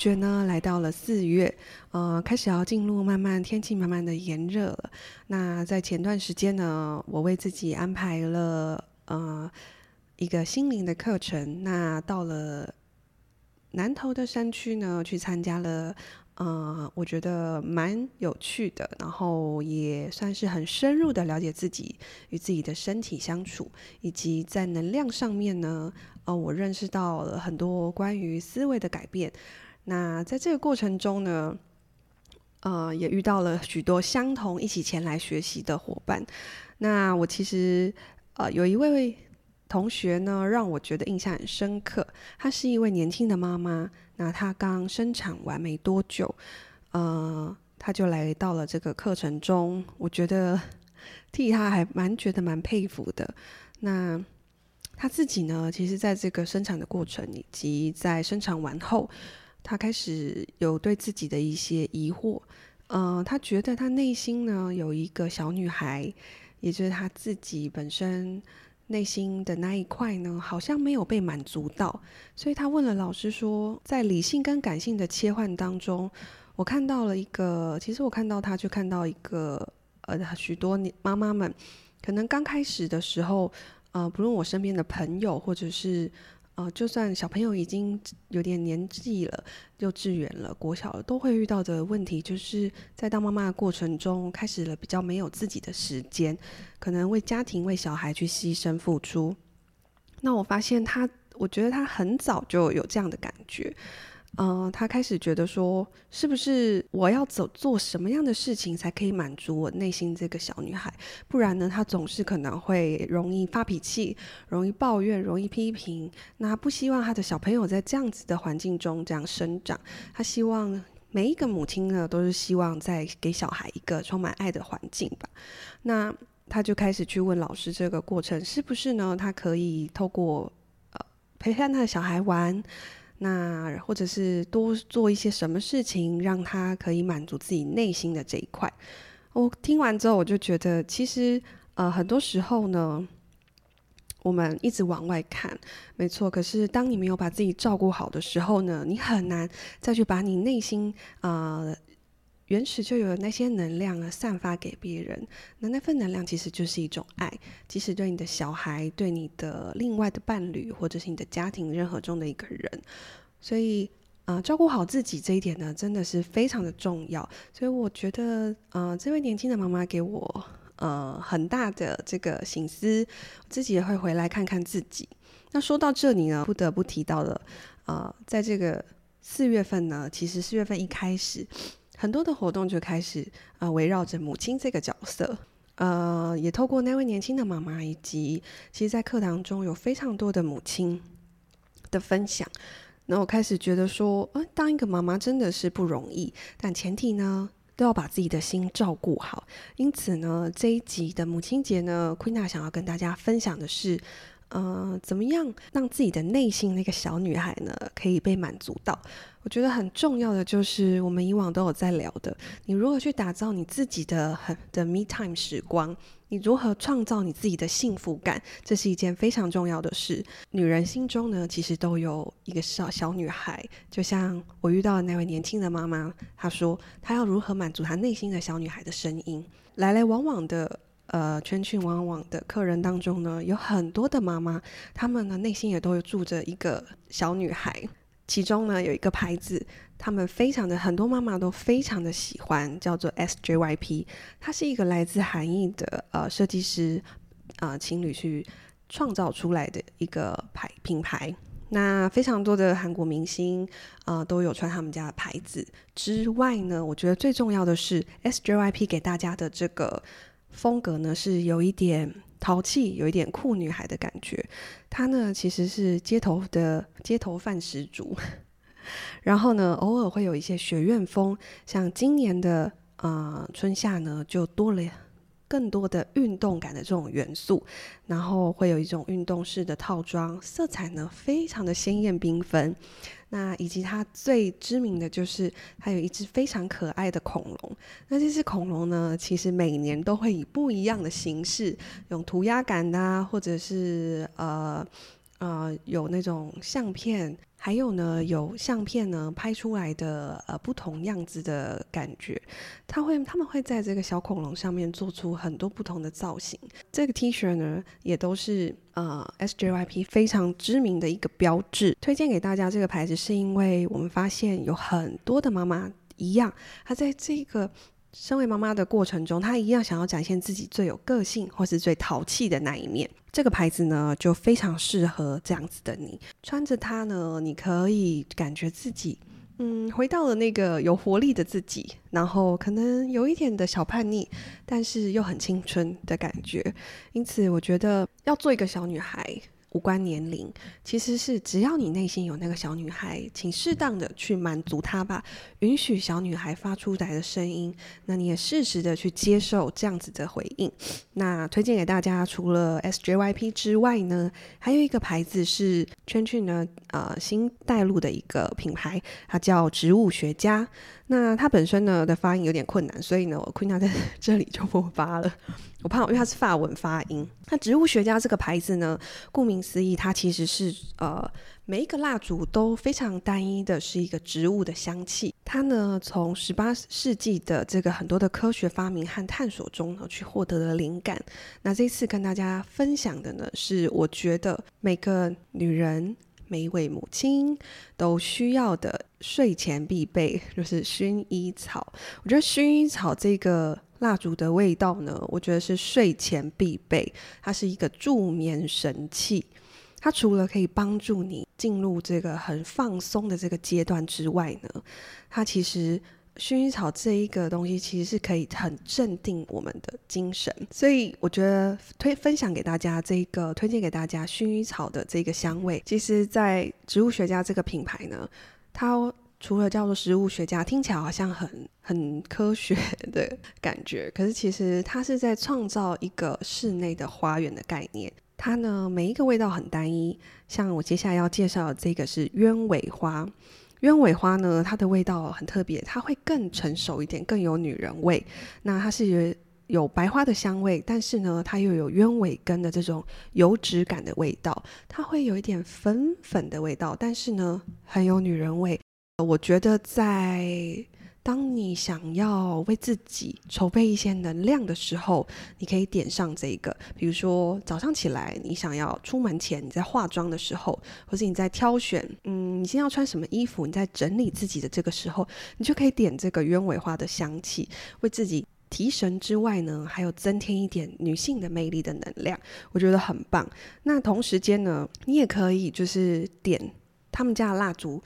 覺呢，來到了四月，呃，開始要進入慢慢天氣，慢慢的炎熱了。那在前段時間呢，我為自己安排了呃一個心靈的課程。那到了南投的山區呢，去參加了，呃，我覺得蠻有趣的，然後也算是很深入的了解自己與自己的身體相處，以及在能量上面呢，呃，我認識到了很多關於思維的改變。那在這個過程中呢，呃，也遇到了許多相同一起前來學習的夥伴。那我其實，呃，有一位同學呢，讓我覺得印象很深刻。她是一位年輕的媽媽，那她剛生產完沒多久，呃，她就來到了這個課程中。我覺得替她還蠻覺得蠻佩服的。那她自己呢，其實在這個生產的過程以及在生產完後，他開始有對自己的一些疑惑，嗯、呃，他覺得他內心呢有一個小女孩，也就是他自己本身內心的那一塊呢，好像沒有被滿足到，所以他問了老師說，在理性跟感性的切換當中，我看到了一個，其實我看到他就看到一個，呃，許多媽媽們，可能剛開始的時候，啊、呃，不論我身邊的朋友或者是。就算小朋友已經有點年紀了，幼稚園了、國小都會遇到的問題，就是在當媽媽的過程中，開始了比較沒有自己的時間，可能為家庭、為小孩去犧牲付出。那我發現他，我覺得他很早就有這樣的感覺。嗯、呃，他開始覺得說，是不是我要走做什麼樣的事情才可以滿足我內心這個小女孩？不然呢，他總是可能會容易發脾氣，容易抱怨，容易批評。那不希望他的小朋友在這樣子的環境中這樣生長。他希望每一個母親呢，都是希望在給小孩一個充滿愛的環境吧。那他就開始去問老師，這個過程是不是呢？他可以透過呃，陪伴他的小孩玩。那或者是多做一些什麼事情，讓他可以滿足自己內心的這一塊。我聽完之後，我就覺得其實呃，很多時候呢，我們一直往外看，沒錯。可是當你沒有把自己照顧好的時候呢，你很難再去把你內心啊、呃。原始就有那些能量啊，散發給別人。那那份能量其實就是一種愛，即使對你的小孩、對你的另外的伴侶，或者是你的家庭任何中的一個人。所以啊、呃，照顧好自己這一點呢，真的是非常的重要。所以我覺得啊、呃，這位年輕的媽媽給我呃很大的這個省思，我自己也會回來看看自己。那說到這裡呢，不得不提到了啊、呃，在這個四月份呢，其實四月份一開始。很多的活動就開始啊，圍繞着母親這個角色，呃，也透過那位年輕的媽媽以及，其實，在課堂中有非常多的母親的分享，那我開始覺得說，嗯、呃，當一個媽媽真的是不容易，但前提呢，都要把自己的心照顧好。因此呢，這一集的母親節呢 Queena 想要跟大家分享的是。嗯、呃，怎麼樣讓自己的內心那個小女孩呢，可以被滿足到？我覺得很重要的就是我們以往都有在聊的，你如何去打造你自己的很的 Me Time 時光，你如何創造你自己的幸福感，這是一件非常重要的事。女人心中呢，其實都有一個小小女孩，就像我遇到的那位年輕的媽媽，她說她要如何滿足她內心的小女孩的聲音，來來往往的。呃，圈圈網網的客人當中呢，有很多的媽媽，她們呢內心也都有住着一個小女孩。其中呢有一個牌子，她們非常的很多媽媽都非常的喜歡，叫做 S J Y P。它是一個來自韓裔的呃設計師呃情侶去創造出來的一個牌品牌。那非常多的韓國明星啊、呃、都有穿他們家的牌子。之外呢，我覺得最重要的是 S J Y P 給大家的這個。風格呢是有一點淘氣，有一點酷女孩的感覺它呢其實是街頭的街頭範十足，然後呢偶爾會有一些學院風，像今年的啊、呃、春夏呢就多了更多的運動感的這種元素，然後會有一種運動式的套裝，色彩呢非常的鮮艷繽紛。那以及它最知名的就是它有一隻非常可愛的恐龍。那這隻恐龍呢，其實每年都會以不一樣的形式，用塗鴉感的啊，或者是呃呃，有那種相片，還有呢，有相片呢，拍出來的呃不同樣子的感覺，他會他們會在這個小恐龍上面做出很多不同的造型。這個 T 恤呢，也都是呃 S J Y P 非常知名的一個標誌。推薦給大家這個牌子，是因為我們發現有很多的媽媽一樣，她在這個身為媽媽的過程中，她一樣想要展現自己最有個性或是最淘氣的那一面。這個牌子呢，就非常適合這樣子的你。穿着它呢，你可以感覺自己，嗯，回到了那個有活力的自己，然後可能有一點的小叛逆，但是又很青春的感覺。因此，我覺得要做一個小女孩。無關年齡，其實是只要你內心有那個小女孩，請適當的去滿足她吧，允許小女孩發出來的聲音，那你也適時的去接受這樣子的回應。那推薦給大家，除了 S J Y P 之外呢，還有一個牌子是圈圈呢，呃，新大陸的一個品牌，它叫植物學家。那它本身呢的發音有點困難，所以呢，我 Queena 在這裡就播發了。我怕我，因為它是法文發音。那植物學家這個牌子呢，顧名思義，它其實是呃每一個蠟燭都非常單一的是一個植物的香氣。它呢從十八世紀的這個很多的科學發明和探索中呢去獲得了靈感。那這次跟大家分享的呢是，我覺得每個女人、每一位母親都需要的睡前必備就是薰衣草。我覺得薰衣草這個。蠟燭的味道呢，我覺得是睡前必備，它是一個助眠神器。它除了可以幫助你進入這個很放鬆的這個階段之外呢，它其實薰衣草這一個東西其實是可以很鎮定我們的精神。所以我覺得推分享給大家這個，推薦給大家薰衣草的這個香味，其實，在植物學家這個品牌呢，它。除了叫做植物學家，聽起來好像很很科學的感覺，可是其實它是在創造一個室內的花園的概念。它呢每一個味道很單一，像我接下來要介紹的這個是鳶尾花。鳶尾花呢，它的味道很特別，它會更成熟一點，更有女人味。那它是有白花的香味，但是呢，它又有鳶尾根的這種油脂感的味道，它會有一點粉粉的味道，但是呢很有女人味。我覺得，在當你想要為自己籌備一些能量的時候，你可以點上這個。比如說，早上起來，你想要出門前，你在化妝的時候，或者你在挑選，嗯，你先要穿什麼衣服，你在整理自己的這個時候，你就可以點這個鳶尾花的香氣，為自己提神之外呢，還有增添一點女性的魅力的能量，我覺得很棒。那同時間呢，你也可以就是點他們家的蠟燭。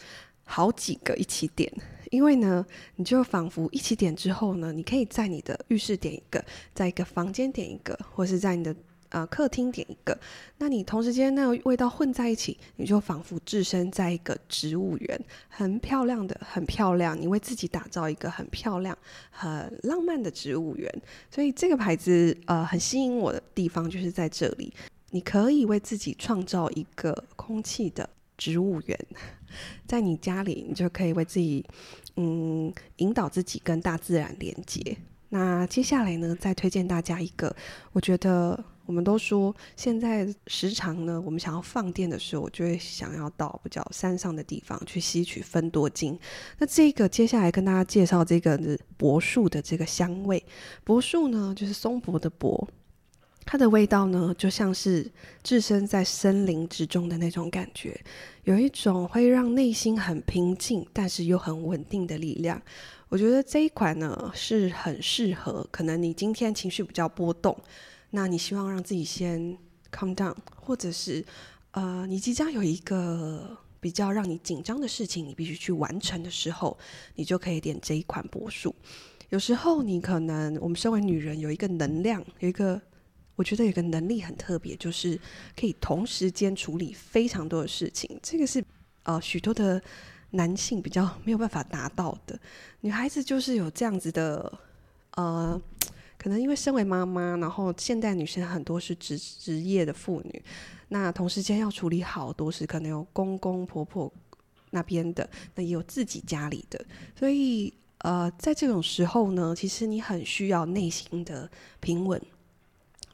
好幾個一起點，因為呢，你就仿佛一起點之後呢，你可以在你的浴室點一個，在一個房間點一個，或是在你的呃客廳點一個。那你同時間那個味道混在一起，你就仿佛置身在一個植物園，很漂亮的，很漂亮。你為自己打造一個很漂亮、很浪漫的植物園。所以這個牌子呃很吸引我的地方就是在這裡，你可以為自己創造一個空氣的。植物園，在你家裡，你就可以為自己，嗯，引導自己跟大自然連接。那接下來呢，再推薦大家一個，我覺得我們都說，現在時常呢，我們想要放電的時候，我就會想要到比較山上的地方去吸取芬多精。那這個接下來跟大家介紹這個柏樹的這個香味，柏樹呢，就是松柏的柏。它的味道呢，就像是置身在森林之中的那種感覺，有一種會讓內心很平靜，但是又很穩定的力量。我覺得這一款呢，是很適合可能你今天情緒比較波動，那你希望讓自己先 calm down，或者是呃，你即將有一個比較讓你緊張的事情，你必須去完成的時候，你就可以點這一款柏樹。有時候你可能，我們身為女人，有一個能量，有一個。我覺得有個能力很特別，就是可以同時間處理非常多的事情。這個是，呃，許多的男性比較沒有辦法達到的。女孩子就是有這樣子的，呃，可能因為身為媽媽，然後現代女生很多是職職業的婦女，那同時間要處理好多事，可能有公公婆婆那邊的，那也有自己家裡的。所以，呃，在這種時候呢，其實你很需要內心的平穩。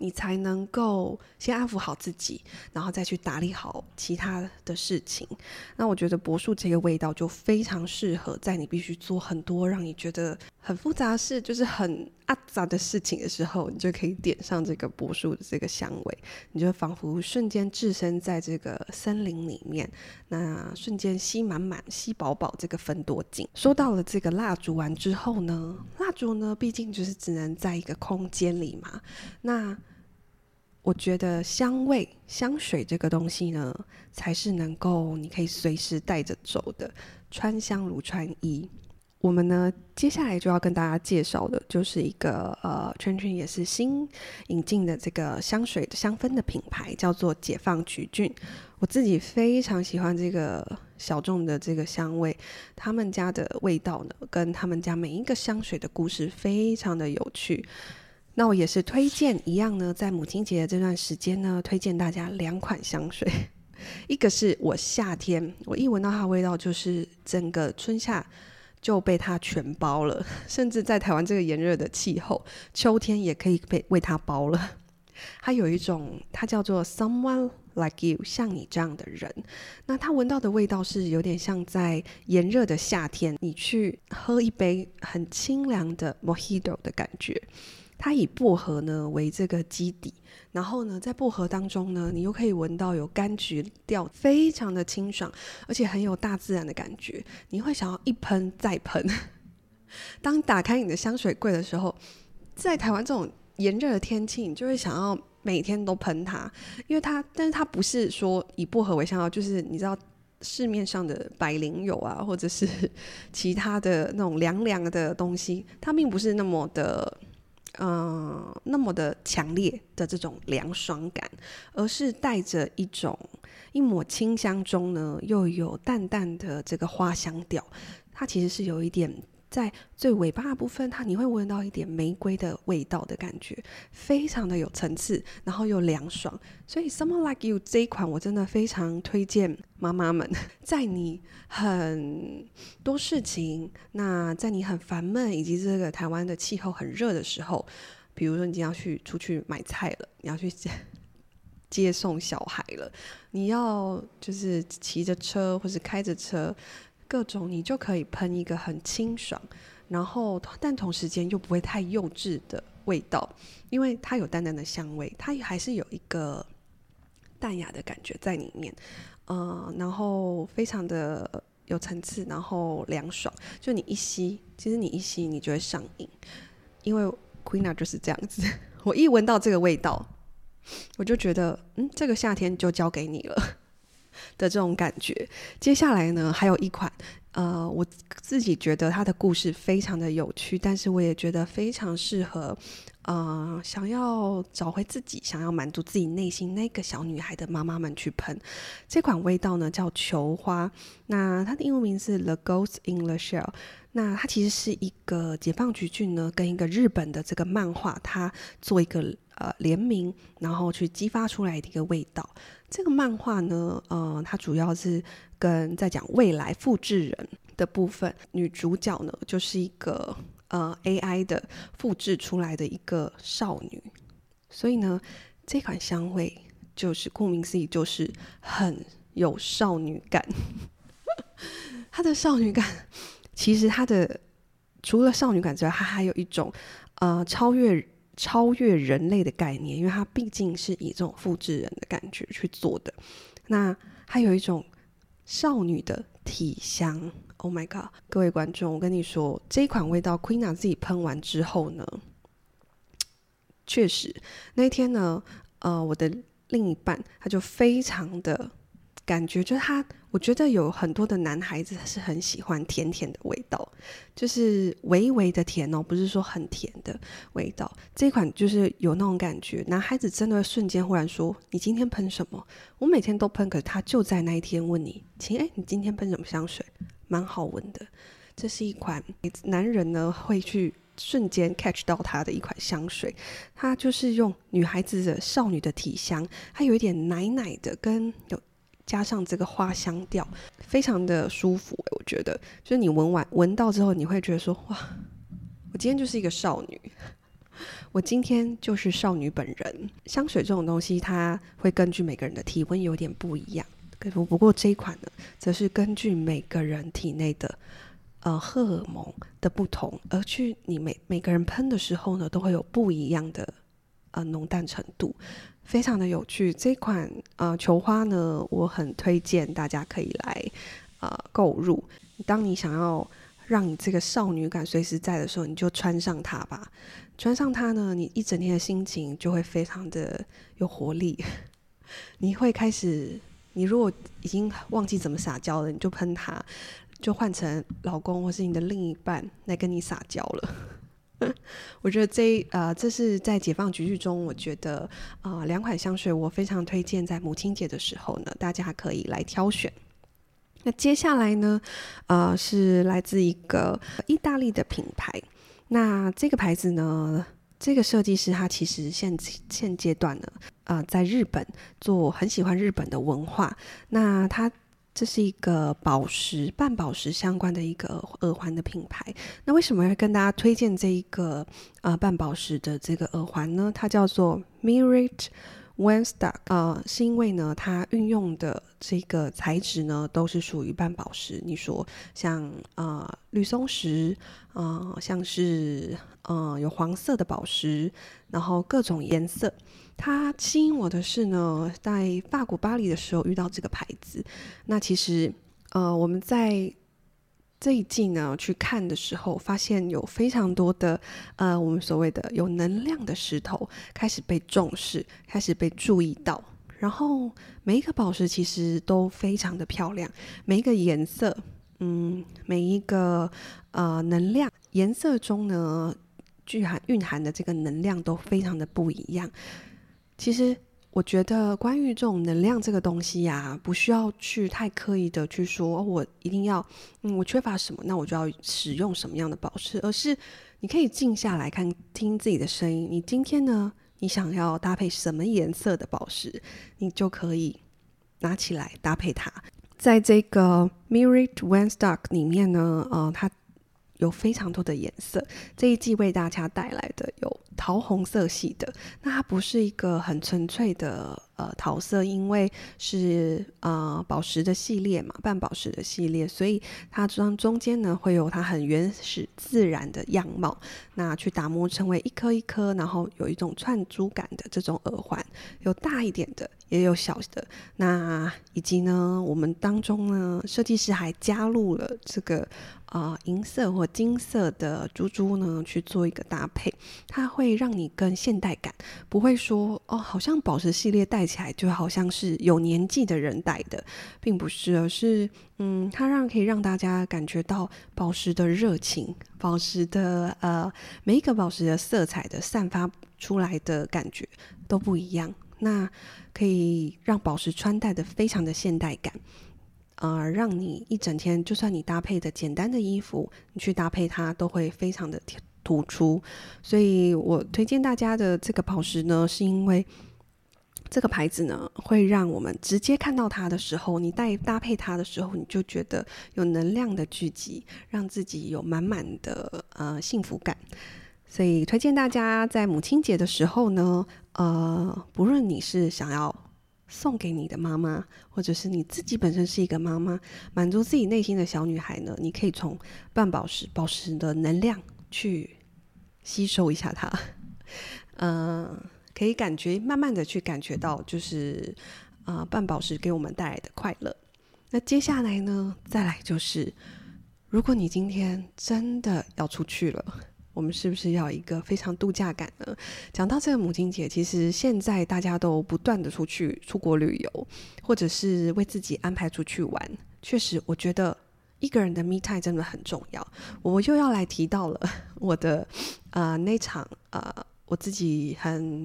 你才能夠先安撫好自己，然後再去打理好其他的事情。那我覺得柏樹這個味道就非常適合在你必須做很多讓你覺得很複雜的事，就是很阿雜的事情的時候，你就可以點上這個柏樹的這個香味，你就仿佛瞬間置身在這個森林裡面，那瞬間吸滿滿、吸飽飽這個芬多精。說到了這個蠟燭完之後呢，蠟燭呢畢竟就是只能在一個空間裡嘛，那。我覺得香味香水這個東西呢，才是能夠你可以隨時帶着走的，穿香如穿衣。我們呢，接下來就要跟大家介紹的，就是一個呃，圈圈也是新引進的這個香水的香氛的品牌，叫做解放橘郡。我自己非常喜歡這個小眾的這個香味，他們家的味道呢，跟他們家每一個香水的故事非常的有趣。那我也是推薦一樣呢，在母親節的這段時間呢，推薦大家兩款香水。一個是我夏天，我一聞到它的味道，就是整個春夏就被它全包了，甚至在台灣這個炎熱的氣候，秋天也可以被為它包了。它有一種，它叫做 “Someone Like You”，像你這樣的人。那它聞到的味道是有點像在炎熱的夏天，你去喝一杯很清涼的 mojito 的感覺。它以薄荷呢為這個基底，然後呢，在薄荷當中呢，你又可以聞到有柑橘調，非常的清爽，而且很有大自然的感覺。你會想要一噴再噴，當打開你的香水櫃的時候，在台灣這種炎熱的天氣，你就會想要每天都噴它，因為它，但是它不是說以薄荷為香料，就是你知道市面上的百靈油啊，或者是其他的那種涼涼的東西，它並不是那麼的。嗯、呃，那麼的強烈的這種涼爽感，而是帶着一種一抹清香中呢，又有淡淡的這個花香調，它其實是有一點。在最尾巴的部分，它，你會聞到一點玫瑰的味道的感覺，非常的有層次，然後又涼爽。所以，Someone Like You 這一款我真的非常推薦媽媽們，在你很多事情，那在你很煩悶，以及這個台灣的氣候很熱的時候，比如說你今天要去出去買菜了，你要去接送小孩了，你要就是騎着車或是開着車。各種你就可以噴一個很清爽，然後但同時間又不會太幼稚的味道，因為它有淡淡的香味，它還是有一個淡雅的感覺在裡面，嗯、呃，然後非常的有層次，然後涼爽。就你一吸，其實你一吸你就會上癮，因為 Queena 就是這樣子，我一聞到這個味道，我就覺得嗯，這個夏天就交給你了。的這種感覺，接下來呢還有一款，呃，我自己覺得它的故事非常的有趣，但是我也覺得非常適合，呃，想要找回自己、想要滿足自己內心那個小女孩的媽媽們去噴。這款味道呢叫球花，那它的英文名字是 The Ghost in the Shell。那它其實是一個解放橘郡呢，跟一個日本的這個漫畫，它做一個呃聯名，然後去激發出來的一個味道。這個漫畫呢，呃，它主要是跟在講未來複製人的部分，女主角呢就是一個呃 AI 的複製出來的一個少女，所以呢，這款香味就是顧名思義，就是很有少女感， 它的少女感。 其實它的除了少女感之外，它還有一種，呃，超越超越人類的概念，因為它畢竟是以這種複製人的感覺去做的。那還有一種少女的體香。Oh my god，各位觀眾，我跟你說，這一款味道，Queena 自己噴完之後呢，確實那一天呢，呃，我的另一半他就非常的。感覺就是他，我覺得有很多的男孩子是很喜歡甜甜的味道，就是微微的甜哦，不是說很甜的味道。這款就是有那種感覺，男孩子真的會瞬間忽然說：“你今天噴什麼？”我每天都噴，可他就在那一天問你：“親，哎，你今天噴什麼香水？”蠻好聞的，這是一款男人呢會去瞬間 catch 到它的一款香水。它就是用女孩子的少女的體香，它有一點奶奶的跟有。加上這個花香調，非常的舒服、欸。我覺得，就是你聞完、聞到之後，你會覺得說：“哇，我今天就是一個少女，我今天就是少女本人。”香水這種東西，它會根據每個人的體溫有點不一樣。不不過這一款呢，則是根據每個人體內的呃荷爾蒙的不同，而去你每每個人噴的時候呢，都會有不一樣的呃濃淡程度。非常的有趣，這款啊、呃、球花呢，我很推薦大家可以來啊、呃、購入。當你想要讓你這個少女感隨時在的時候，你就穿上它吧。穿上它呢，你一整天的心情就會非常的有活力。你會開始，你如果已經忘記怎麼撒嬌了，你就噴它，就換成老公或是你的另一半來跟你撒嬌了。 我覺得這呃，這是在解放橘郡中，我覺得啊、呃，兩款香水我非常推薦，在母親節的時候呢，大家可以來挑選。那接下來呢，啊、呃，是來自一個意大利的品牌。那這個牌子呢，這個設計師他其實現現階段呢，啊、呃，在日本做，很喜歡日本的文化。那他。這是一個寶石、半寶石相關的一個耳環的品牌。那為什麼要跟大家推薦這一個呃半寶石的這個耳環呢？它叫做 Mirit。Weinstock，呃，是因為呢，它運用的這個材質呢，都是屬於半寶石。你說像呃綠松石，啊、呃，像是呃有黃色的寶石，然後各種顏色。它吸引我的是呢，在法國巴黎的時候遇到這個牌子。那其實呃，我們在。這一季呢，去看的時候，發現有非常多的，呃，我們所謂的有能量的石頭開始被重視，開始被注意到。然後，每一顆寶石其實都非常的漂亮，每一個顏色，嗯，每一個呃能量，顏色中呢蘊含蘊含的這個能量都非常的不一樣。其實。我覺得關於這種能量這個東西呀、啊，不需要去太刻意的去說、哦，我一定要，嗯，我缺乏什麼，那我就要使用什麼樣的寶石。而是你可以靜下來看聽自己的聲音，你今天呢，你想要搭配什麼顏色的寶石，你就可以拿起來搭配它。在這個 Mirit Weinstock 裡面呢，呃，它有非常多的顏色，這一季為大家帶來的有。桃紅色系的，那它不是一個很純粹的。呃，桃色因為是啊、呃、寶石的系列嘛，半寶石的系列，所以它這中間呢會有它很原始自然的樣貌，那去打磨成為一顆一顆，然後有一種串珠感的這種耳環，有大一點的，也有小的。那以及呢，我們當中呢，設計師還加入了這個啊、呃、銀色或金色的珠珠呢去做一個搭配，它會讓你更現代感，不會說哦，好像寶石系列帶。起來就好像是有年紀的人戴的，並不是，而是嗯，它讓可以讓大家感覺到寶石的熱情，寶石的呃每一個寶石的色彩的散發出來的感覺都不一樣。那可以讓寶石穿戴的非常的現代感，而、呃、讓你一整天，就算你搭配的簡單的衣服，你去搭配它都會非常的突出。所以我推薦大家的這個寶石呢，是因為。這個牌子呢，會讓我們直接看到它的時候，你帶搭配它的時候，你就覺得有能量的聚集，讓自己有滿滿的呃幸福感。所以推薦大家在母親節的時候呢，呃，不論你是想要送給你的媽媽，或者是你自己本身是一個媽媽，滿足自己內心的小女孩呢，你可以從半寶石寶石的能量去吸收一下它，嗯、呃。可以感覺慢慢的去感覺到，就是啊、呃，半寶石給我們帶來的快樂。那接下來呢，再來就是，如果你今天真的要出去了，我們是不是要有一個非常度假感呢？講到這個母親節，其實現在大家都不斷的出去出國旅遊，或者是為自己安排出去玩。確實，我覺得一個人的 me time 真的很重要。我又要來提到了我的啊、呃，那場啊。呃我自己很，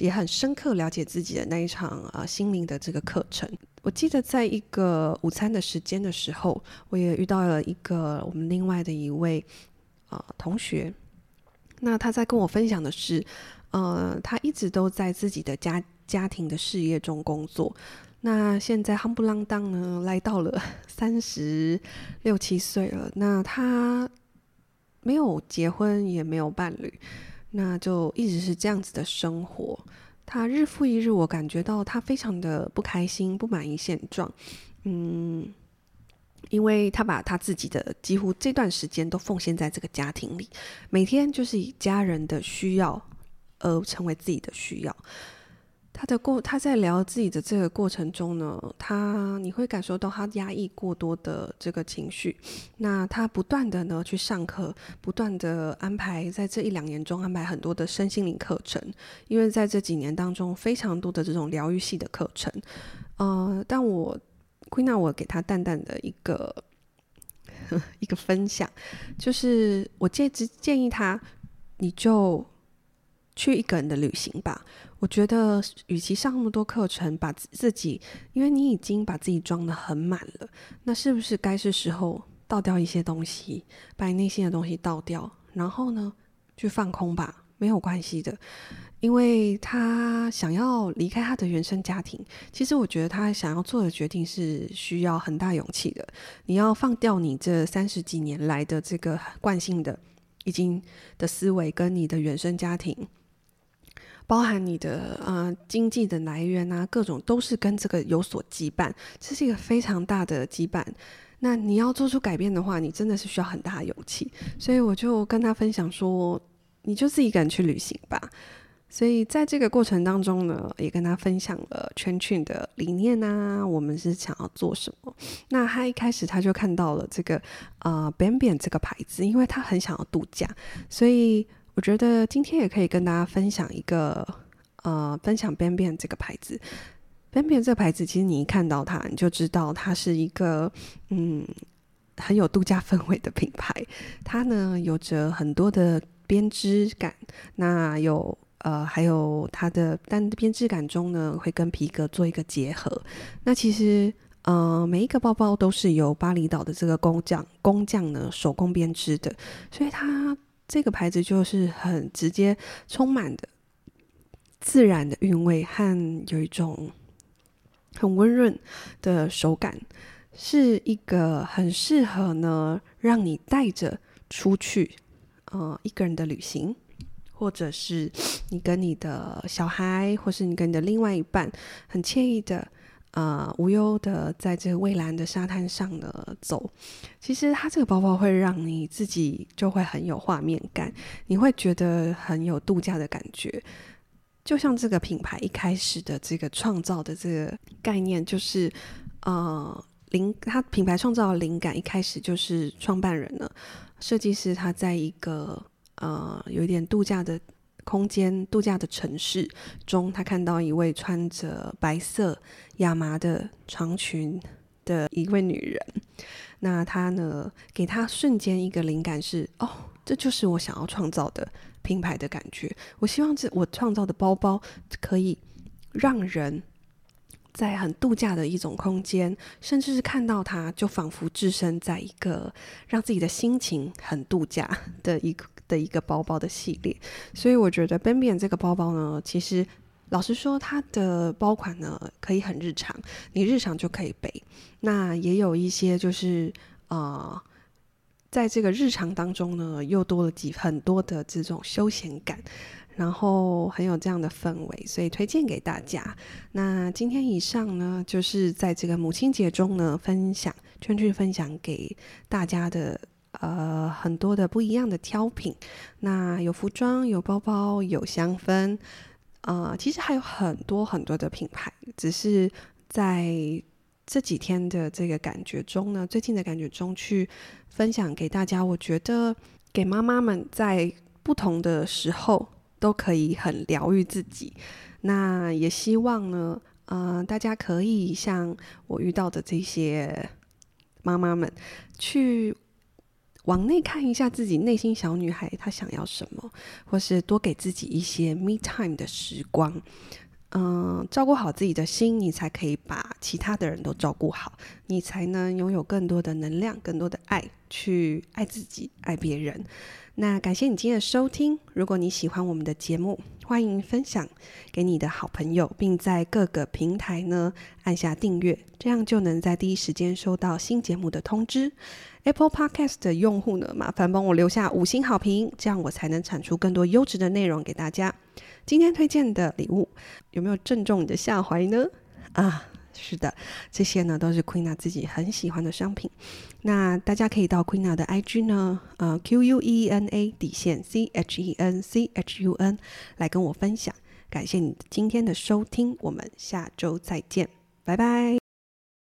也很深刻了解自己的那一場啊、呃、心靈的這個課程。我記得在一個午餐的時間的時候，我也遇到了一個我們另外的一位啊、呃、同學。那他在跟我分享的是，呃，他一直都在自己的家家庭的事業中工作。那現在夯不啷當呢來到了三十六七歲了。那他沒有結婚，也沒有伴侶。那就一直是這樣子的生活。他日復一日，我感覺到他非常的不開心、不滿意現狀。嗯，因為他把他自己的幾乎這段時間都奉獻在這個家庭裡，每天就是以家人的需要而成為自己的需要。他的過，他在聊自己的這個過程中呢，他你會感受到他壓抑過多的這個情緒，那他不斷的呢，去上課，不斷的安排在這一兩年中安排很多的身心靈課程，因為在這幾年當中非常多的這種療癒系的課程。呃，但我歸納，我給他淡淡的一個呵呵一個分享，就是我建議建議他，你就去一個人的旅行吧。我覺得，與其上那麼多課程，把自己，因為你已經把自己裝得很滿了，那是不是該是時候倒掉一些東西，把你內心的東西倒掉，然後呢，去放空吧，沒有關係的。因為他想要離開他的原生家庭，其實我覺得他想要做的決定是需要很大勇氣的。你要放掉你這三十幾年來的這個慣性的，已經的思維跟你的原生家庭。包含你的啊、呃，經濟的來源啊，各種都是跟這個有所羈絆，這是一個非常大的羈絆。那你要做出改變的話，你真的是需要很大的勇氣。所以我就跟他分享說，你就自己敢去旅行吧。所以在這個過程當中呢，也跟他分享了 CHENCHUN 的理念啊，我們是想要做什麼。那他一開始他就看到了這個啊扁扁這個牌子，因為他很想要度假，所以。我覺得今天也可以跟大家分享一個，呃，分享 Ben Ben 這個牌子。Ben Ben 這個牌子，其實你一看到它，你就知道它是一個，嗯，很有度假氛圍的品牌。它呢，有着很多的編織感，那有，呃，還有它的單編織感中呢，會跟皮革做一個結合。那其實，呃，每一個包包都是由巴厘島的這個工匠，工匠呢手工編織的，所以它。這個牌子就是很直接，充滿的自然的韻味，和有一種很溫潤的手感，是一個很適合呢讓你帶着出去，呃，一個人的旅行，或者是你跟你的小孩，或是你跟你的另外一半，很愜意的。啊、呃，無憂的在這個蔚藍的沙灘上的走，其實它這個包包會讓你自己就會很有畫面感，你會覺得很有度假的感覺。就像這個品牌一開始的這個創造的這個概念，就是啊靈、呃，它品牌創造的靈感一開始就是創辦人呢，設計師他在一個呃有一點度假的。空間度假的城市中，他看到一位穿着白色亞麻的長裙的一位女人。那他呢？給他瞬間一個靈感是：哦，這就是我想要創造的品牌的感覺。我希望這我創造的包包可以讓人在很度假的一種空間，甚至是看到它，就仿佛置身在一個讓自己的心情很度假的一個。的一個包包的系列，所以我覺得 Bembien 這個包包呢，其實老實說，它的包款呢可以很日常，你日常就可以背。那也有一些就是啊、呃，在這個日常當中呢，又多了幾很多的這種休閒感，然後很有這樣的氛圍，所以推薦給大家。那今天以上呢，就是在這個母親節中呢，分享 Queena 分享給大家的。呃，很多的不一樣的挑品，那有服裝，有包包，有香氛，呃，其實還有很多很多的品牌，只是在這幾天的這個感覺中呢，最近的感覺中去分享給大家。我覺得給媽媽們在不同的時候都可以很療癒自己。那也希望呢，呃，大家可以像我遇到的這些媽媽們去。往內看一下自己內心小女孩，她想要什麼，或是多給自己一些 me time 的時光，嗯，照顧好自己的心，你才可以把其他的人都照顧好，你才能擁有更多的能量、更多的愛，去愛自己、愛別人。那感謝你今天的收聽。如果你喜歡我們的節目，歡迎分享給你的好朋友，並在各個平台呢按下訂閱，這樣就能在第一時間收到新節目的通知。Apple Podcast 的用戶呢，麻煩幫我留下五星好評，這樣我才能產出更多優質的內容給大家。今天推薦的禮物有沒有正中你的下懷呢？啊！是的，這些呢都是 Queena 自己很喜歡的商品。那大家可以到 Queena 的 IG 呢，呃，Q U E N A 底線 C H E N C H U N 來跟我分享。感謝你今天的收聽，我們下周再見，拜拜。